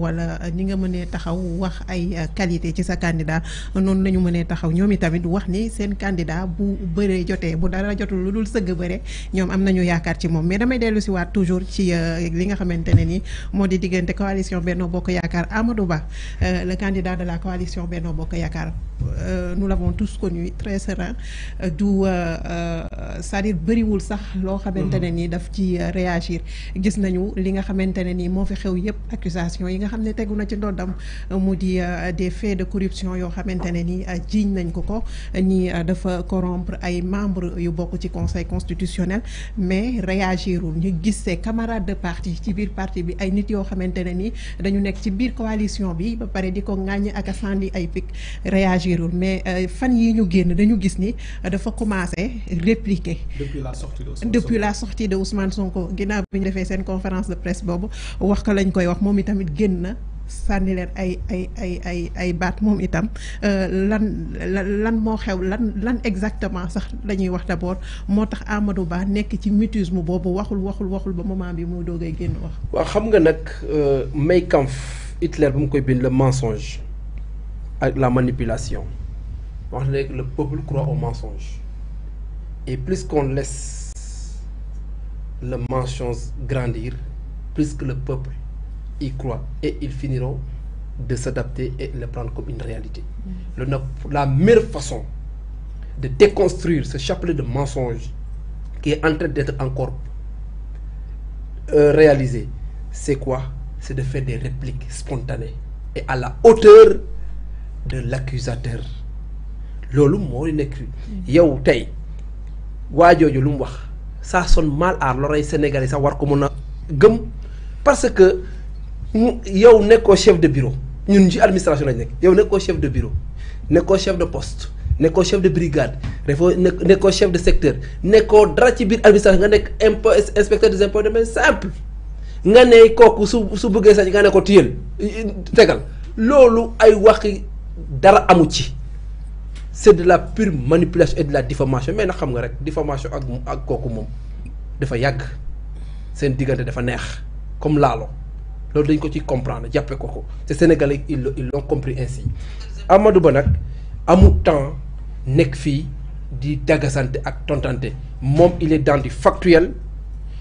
wala ni nga mënee taxaw wax ay euh, qualité ci sa candidat noonu la ñu mënee taxaw ñoom itamit wax ni seen candidat bu bëree jotee bu dara jotul lu dul sëgg bëre ñoom am nañu yaakaar ci moom mais damay dellu si waat toujours ci euh, li nga xamante ne ni moo di diggante coalition Benno Bokk Yaakaar Amadou Ba euh, le candidat de la coalition Benno Bokk Yaakaar Euh, nous l'avons tous connu très serein euh, d'où euh, c'est-à-dire bëriwul sax lo xamantene mhm. ni daf ci réagir gis nañu li nga xamantene ni moo fi xew yépp accusation yi nga xam ne na ci mu des faits de corruption yo xamantene ni jiiñ nañ ko ko ni dafa corrompre ay membres yu bokku ci conseil constitutionnel mais réagirul ñu gis ses camarades de parti ci biir parti bi ay nit yo xamantene ni dañu nekk ci biir coalition bi ba paré diko ko ak ay pic réagir réagirul mais euh, fan yi ñu génn dañu gis ni dafa commencé répliquer. depuis la sortie de Ousmane Sonko ginnaaw bi ñu defee seen conférence de presse boobu wax ko lañ koy wax moom itamit génn na. sànni leen ay ay ay ay ay baat moom itam euh, lan lan moo xew lan lan exactement sax dañuy ñuy wax d'abord moo tax Amadou Ba nekk ci mutisme boobu waxul waxul waxul ba moment bi mu doogay génn wax. waaw xam nga nag euh, may Kampf Hitler bu mu koy bind le mensonge la manipulation. Le peuple croit au mensonge. Et plus qu'on laisse le mensonge grandir, plus que le peuple y croit. Et ils finiront de s'adapter et le prendre comme une réalité. Le, la meilleure façon de déconstruire ce chapelet de mensonges qui est en train d'être encore euh, réalisé, c'est quoi C'est de faire des répliques spontanées et à la hauteur de l'accusateur loolu moo nekk yow tey waa jooju lu mu wax ça sonne mal à l'oreille sénégalais ça war ko mën a gëm parce que yow nekkoo chef de bureau ñun ci administration lañ nekk yow nekkoo chef de bureau nekkoo chef de poste nekkoo chef de brigade dafa nekkoo chef de secteur nekkoo dara ci biir administration nga nekk impôt inspecteur des impôts de même simple nga ne kooku su su bëggee sax nga ne ko téyel tegal loolu ay waxi dara amu ci c'est de la pure manipulation et de la diffamation mais na xam nga rek diffamation ak ak kooku mom dafa yag sen diggante dafa neex comme lalo loolu dañ ko ci comprendre jappé ko c'est sénégalais ils ils l'ont compris ainsi Amadou Ba nag amul temps nek fi di daggasante ak tontanté mom il est dans du factuel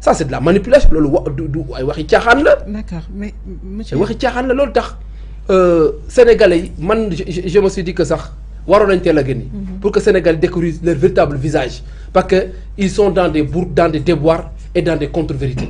ça c'est de la manipulation loolu wa du la. d'accord mais monsieur. waxi la tax euh, sénégalais man je me suis dit que sax waron nañ la a mhm. pour que sénégalais découvre leur véritable visage parce que ils sont dans des bourdes, dans des déboires et dans des contre-vérités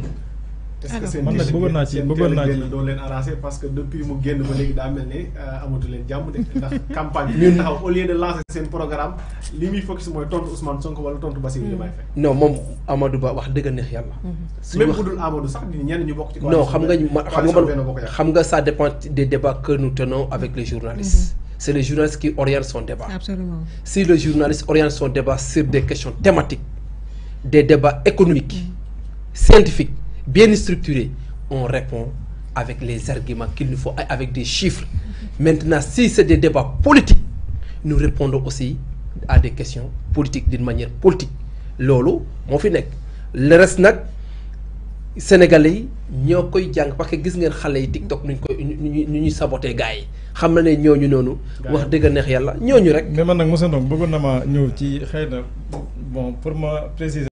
est-ce que ah, c'est teel bëggoon naa ci bëggoon naa ci leen arrangé parce que depuis mu génn ba léegi daa mel ne euh, amatu leen jàmm de ndax campagne bi taxaw au lieu de lancer seen programme li muy focus mooy tontu Ousmane Sonko wala tontu Bassirou mm. Diomaye Faye non moom Amadou Ba wax dëgg neex yàlla mm-hmm. même bu dul Amadou sax ñenn ñu bokk ci non xam nga xam nga man xam nga ça dépend des débats que nous tenons avec les journalistes mm-hmm. c'est le journaliste qui oriente son débat Absolument. si le journaliste oriente son débat sur des questions thématiques des débats économiques mm-hmm. scientifiques bien structuré, on répond avec les arguments qu'il nous faut, avec des chiffres. Maintenant, si c'est des débats politiques, nous répondons aussi à des questions politiques d'une manière politique. Lolo, mon finek. Le reste, nak, Sénégalais, ñoo koy parce que gis ngeen xale TikTok nuñ koy nu ñuy gars yi xam na ne ñooñu pas wax dëgg neex yàlla ñooñu rek. mais bon pour moi, préciser.